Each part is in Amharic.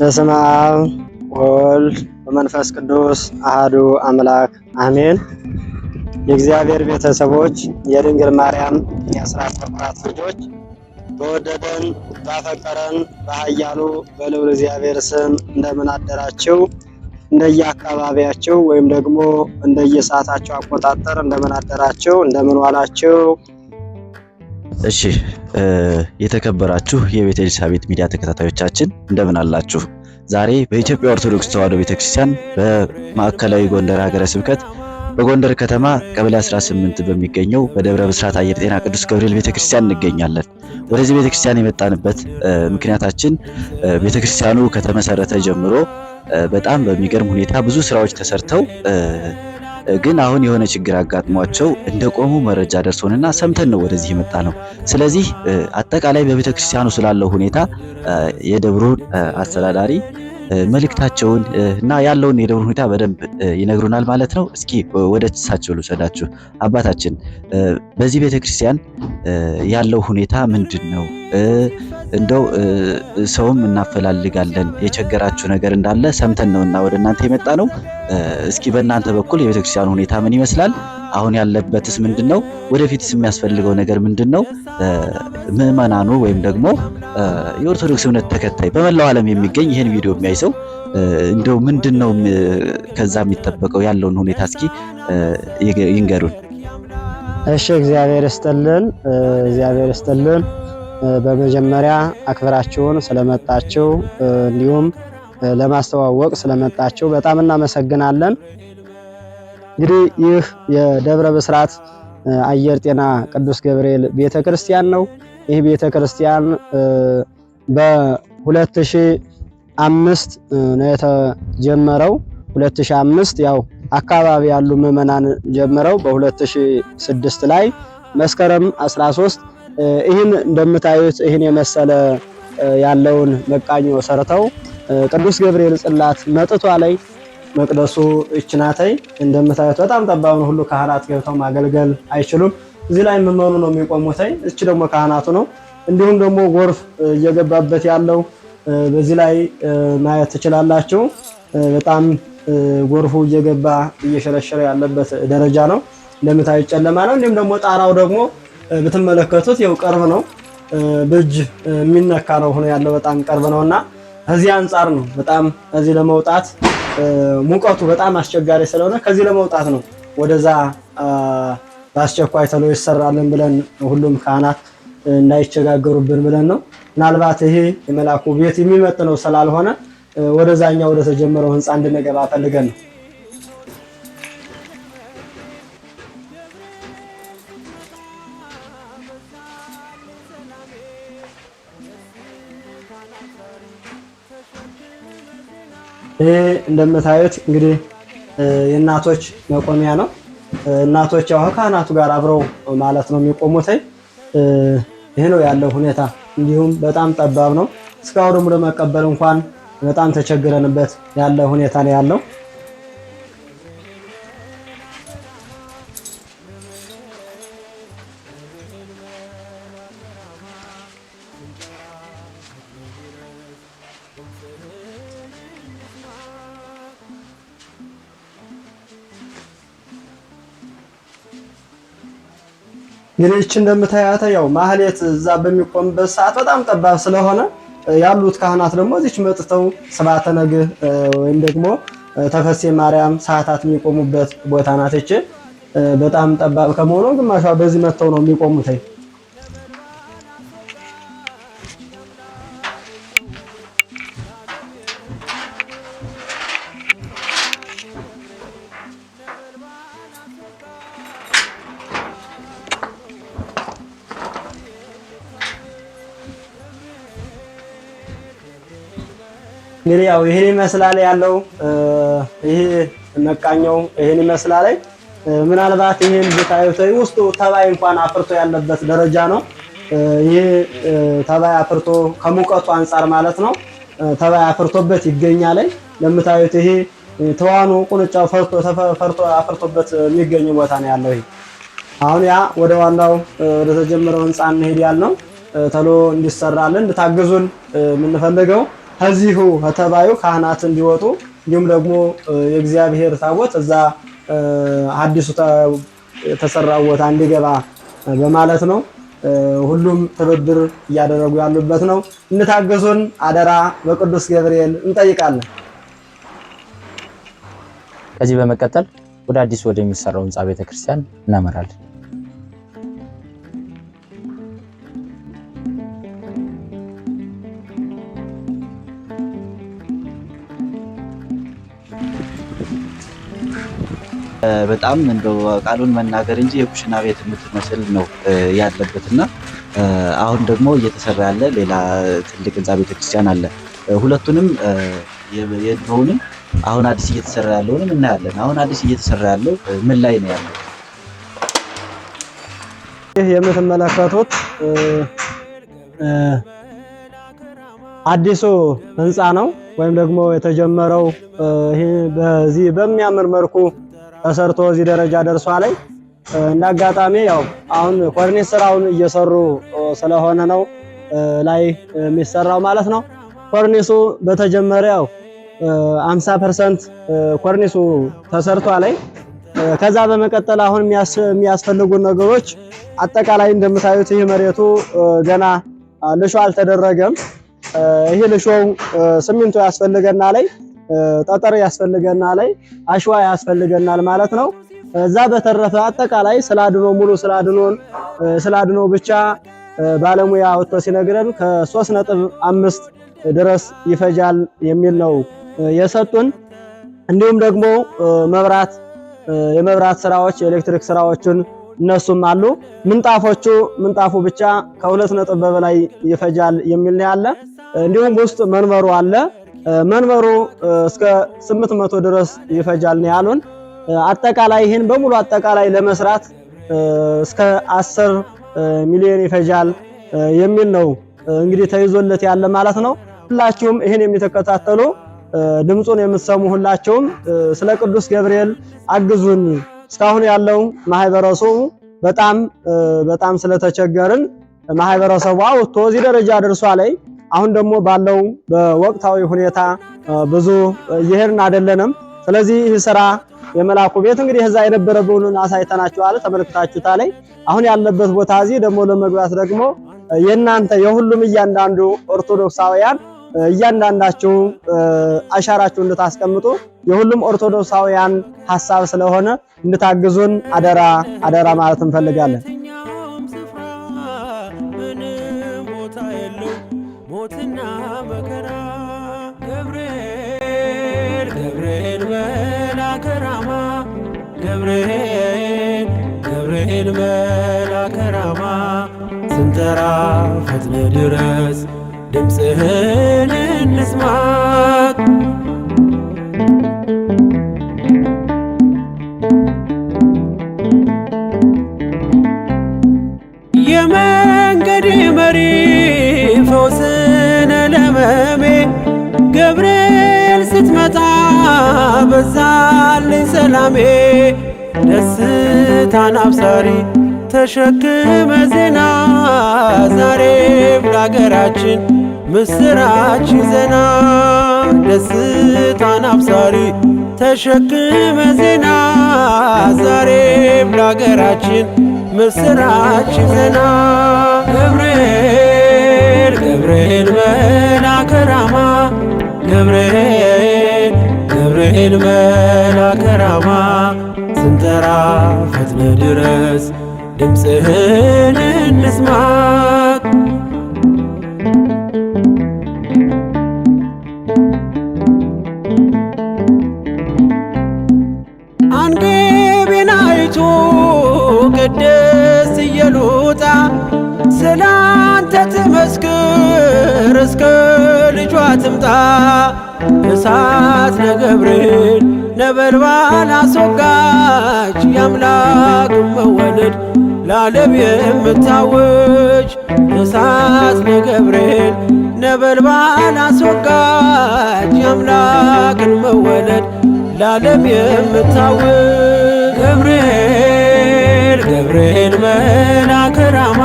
በስመ አብ ወወልድ ቅዱስ አህዱ አምላክ አሜን። የእግዚአብሔር ቤተሰቦች፣ የድንግል ማርያም የአስራት በኩራት ልጆች በወደደን ባፈቀረን በኃያሉ በልዑል እግዚአብሔር ስም እንደምን አደራችሁ? እንደየአካባቢያቸው ወይም ደግሞ እንደየሰዓታቸው አቆጣጠር እንደምን አደራችሁ? እንደምን ዋላችሁ? እሺ የተከበራችሁ የቤተ ኤልሳቤጥ ሚዲያ ተከታታዮቻችን እንደምን አላችሁ? ዛሬ በኢትዮጵያ ኦርቶዶክስ ተዋሕዶ ቤተክርስቲያን በማዕከላዊ ጎንደር ሀገረ ስብከት በጎንደር ከተማ ቀበሌ 18 በሚገኘው በደብረ ብስራት አየር ጤና ቅዱስ ገብርኤል ቤተክርስቲያን እንገኛለን። ወደዚህ ቤተክርስቲያን የመጣንበት ምክንያታችን ቤተክርስቲያኑ ከተመሰረተ ጀምሮ በጣም በሚገርም ሁኔታ ብዙ ስራዎች ተሰርተው ግን አሁን የሆነ ችግር አጋጥሟቸው እንደቆሙ መረጃ ደርሶንና ሰምተን ነው ወደዚህ የመጣ ነው። ስለዚህ አጠቃላይ በቤተክርስቲያኑ ስላለው ሁኔታ የደብሩን አስተዳዳሪ መልእክታቸውን እና ያለውን የደብር ሁኔታ በደንብ ይነግሩናል ማለት ነው። እስኪ ወደ እሳቸው ልውሰዳችሁ። አባታችን በዚህ ቤተክርስቲያን ያለው ሁኔታ ምንድን ነው? እንደው ሰውም እናፈላልጋለን የቸገራችሁ ነገር እንዳለ ሰምተን ነው እና ወደ እናንተ የመጣ ነው። እስኪ በእናንተ በኩል የቤተክርስቲያኑ ሁኔታ ምን ይመስላል? አሁን ያለበትስ ምንድን ነው? ወደፊትስ የሚያስፈልገው ነገር ምንድን ነው? ምዕመናኑ ወይም ደግሞ የኦርቶዶክስ እምነት ተከታይ በመላው ዓለም የሚገኝ ይህን ቪዲዮ የሚያይ ሰው እንደው ምንድን ነው ከዛ የሚጠበቀው ያለውን ሁኔታ እስኪ ይንገሩን። እሺ፣ እግዚአብሔር ይስጥልን፣ እግዚአብሔር ይስጥልን። በመጀመሪያ አክብራችሁን ስለመጣችሁ እንዲሁም ለማስተዋወቅ ስለመጣችሁ በጣም እናመሰግናለን። እንግዲህ ይህ የደብረ ብስራት አየር ጤና ቅዱስ ገብርኤል ቤተክርስቲያን ነው። ይህ ቤተ ክርስቲያን በ2005 ነው የተጀመረው። 2005 ያው አካባቢ ያሉ ምዕመናን ጀምረው በ2006 ላይ መስከረም 13 ይህን እንደምታዩት ይህን የመሰለ ያለውን መቃኞ ሰርተው ቅዱስ ገብርኤል ጽላት መጥቷ ላይ መቅደሱ እችናተይ እንደምታዩት በጣም ጠባብ ነው። ሁሉ ካህናት ገብተው ማገልገል አይችሉም። እዚህ ላይ ምመኑ ነው የሚቆሙትኝ እች ደግሞ ካህናቱ ነው። እንዲሁም ደግሞ ጎርፍ እየገባበት ያለው በዚህ ላይ ማየት ትችላላችሁ። በጣም ጎርፉ እየገባ እየሸረሸረ ያለበት ደረጃ ነው። እንደምታዩት ጨለማ ነው። እንዲሁም ደግሞ ጣራው ደግሞ ብትመለከቱት ያው ቅርብ ነው፣ በእጅ የሚነካ ነው ሆኖ ያለው በጣም ቅርብ ነው እና ከዚህ አንጻር ነው በጣም እዚህ ለመውጣት ሙቀቱ በጣም አስቸጋሪ ስለሆነ ከዚህ ለመውጣት ነው ወደዛ በአስቸኳይ ተሎ ይሰራልን ብለን ሁሉም ካህናት እንዳይቸጋገሩብን ብለን ነው። ምናልባት ይሄ የመላኩ ቤት የሚመጥነው ስላልሆነ ወደዛኛ ወደ ተጀመረው ህንፃ እንድንገባ ፈልገን ነው። ይህ እንደምታዩት እንግዲህ የእናቶች መቆሚያ ነው። እናቶች ያው ከካህናቱ ጋር አብረው ማለት ነው የሚቆሙትኝ። ይህ ነው ያለው ሁኔታ። እንዲሁም በጣም ጠባብ ነው። እስካሁን ለመቀበል እንኳን በጣም ተቸግረንበት ያለ ሁኔታ ነው ያለው። እንግዲህ ይህች እንደምታያት ያው ማህሌት እዛ በሚቆምበት ሰዓት በጣም ጠባብ ስለሆነ ያሉት ካህናት ደግሞ እዚች መጥተው ስብሐተ ነግህ ወይም ደግሞ ተፈሴ ማርያም ሰዓታት የሚቆሙበት ቦታ ናት። ይች በጣም ጠባብ ከመሆኑ ግማሿ በዚህ መጥተው ነው የሚቆሙት። እንግዲህ ያው ይሄን ይመስላል ያለው ይሄ መቃኛው ይሄን ይመስላል። ምናልባት ይሄን ብታዩት ውስጡ ተባይ እንኳን አፍርቶ ያለበት ደረጃ ነው። ይሄ ተባይ አፍርቶ ከሙቀቱ አንጻር ማለት ነው ተባይ አፍርቶበት ይገኛል። ለምታዩት ይሄ ተዋኑ ቁንጫው ፈርቶ ተፈርቶ አፍርቶበት የሚገኝ ቦታ ነው ያለው። ይሄ አሁን ያ ወደ ዋናው ወደ ተጀመረው ህንጻ እንሄድ ያልነው ተሎ እንዲሰራልን እንድታግዙን የምንፈልገው ከዚሁ ከተባዩ ካህናት እንዲወጡ እንዲሁም ደግሞ የእግዚአብሔር ታቦት እዛ አዲሱ የተሰራው ቦታ እንዲገባ በማለት ነው። ሁሉም ትብብር እያደረጉ ያሉበት ነው። እንታገሱን አደራ በቅዱስ ገብርኤል እንጠይቃለን። ከዚህ በመቀጠል ወደ አዲሱ ወደሚሰራው ህንፃ ቤተክርስቲያን እናመራለን። በጣም እንደው ቃሉን መናገር እንጂ የኩሽና ቤት የምትመስል ነው ያለበት እና አሁን ደግሞ እየተሰራ ያለ ሌላ ትልቅ ህንፃ ቤተክርስቲያን አለ። ሁለቱንም የድሮውንም አሁን አዲስ እየተሰራ ያለውንም እናያለን። አሁን አዲስ እየተሰራ ያለው ምን ላይ ነው ያለው? ይህ የምትመለከቱት አዲሱ ህንፃ ነው ወይም ደግሞ የተጀመረው በዚህ በሚያምር መልኩ ተሰርቶ እዚህ ደረጃ ደርሷ ላይ እንደ አጋጣሚ ያው አሁን ኮርኒስ ስራውን እየሰሩ ስለሆነ ነው ላይ የሚሰራው ማለት ነው። ኮርኒሱ በተጀመረ ያው 50% ኮርኒሱ ተሰርቷ ላይ ከዛ በመቀጠል አሁን የሚያስፈልጉ ነገሮች አጠቃላይ እንደምታዩት ይህ መሬቱ ገና ልሾ አልተደረገም። ይህ ልሾው ሲሚንቶ ያስፈልገና ላይ ጠጠር ያስፈልገናል፣ ላይ አሸዋ ያስፈልገናል ማለት ነው። እዛ በተረፈ አጠቃላይ ስላድኖ ሙሉ ስላድኖን ስላድኖ ብቻ ባለሙያ ወጥቶ ሲነግረን ከ ነጥብ አምስት ድረስ ይፈጃል የሚል ነው የሰጡን። እንዲሁም ደግሞ መብራት የመብራት ስራዎች የኤሌክትሪክ ስራዎችን እነሱም አሉ። ምንጣፎቹ ምንጣፉ ብቻ ከሁለት ነጥብ በላይ ይፈጃል የሚል ነው ያለ እንዲሁም ውስጥ መንበሩ አለ። መንበሩ እስከ 800 ድረስ ይፈጃል ነው ያሉን። አጠቃላይ ይህን በሙሉ አጠቃላይ ለመስራት እስከ 10 ሚሊዮን ይፈጃል የሚል ነው እንግዲህ ተይዞለት ያለ ማለት ነው። ሁላችሁም ይህን የሚተከታተሉ ድምፁን የምትሰሙ ሁላችሁም ስለ ቅዱስ ገብርኤል አግዙን። እስካሁን ያለው ማህበረሰቡ በጣም በጣም ስለተቸገርን ማህበረሰቡ አውጥቶ እዚህ ደረጃ ደርሷ ላይ አሁን ደግሞ ባለው በወቅታዊ ሁኔታ ብዙ እየሄድን አይደለንም። ስለዚህ ይህ ስራ የመላኩ ቤት እንግዲህ እዛ የነበረውን አሳይተናችኋል፣ ተመልክታችሁታል። አሁን ያለበት ቦታ እዚህ ደግሞ ለመግባት ደግሞ የእናንተ የሁሉም እያንዳንዱ ኦርቶዶክሳውያን እያንዳንዳችሁ አሻራችሁ እንድታስቀምጡ የሁሉም ኦርቶዶክሳውያን ሀሳብ ስለሆነ እንድታግዙን አደራ አደራ ማለት እንፈልጋለን። ገብርኤል መላከራማ ስንጠራ ፈጥነ ድረስ ድምፅህን እንስማት የመንገድ መሪ ፈውስነ ለመሜ ገብርኤል ስትመጣ በዛልኝ ሰላሜ ደስታን አብሳሪ ተሸክመ ዜና ዛሬም ለአገራችን ምስራች ዜና ደስታን አብሳሪ ተሸክመ ዜና ዛሬም ለአገራችን ምስራች ዜና ገብርኤል ገብርኤል መልአከ ራማ ገብርኤል ገብርኤል መልአከ ራማ ስንጠራ ፈጥነ ድረስ ድምፅህን እንስማ አይቶ ቅድስት ኢየሉጣ ስላንተ ትመስክር እስከ ልጇ ትምጣ እሳት ነገብርኤል ነበልባል አስወጋች የአምላክ መወለድ ለዓለም የምታውጅ እሳት ነገብርኤል ነበልባል አስወጋች የአምላክን መወለድ ለዓለም የምታውጅ ገብርኤል ገብርኤል መልአከ ራማ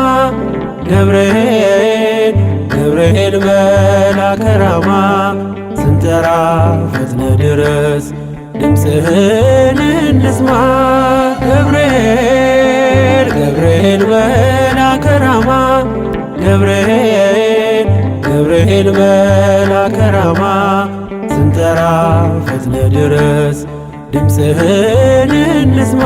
ገብርኤል ገብርኤል ተራራ ፈጥነ ድረስ ድምፅህን እንስማ ገብርኤል ገብርኤል መልአከ ራማ ገብርኤል ገብርኤል መልአከ ስንጠራ ፈጥነ ድረስ ድምፅህን እንስማ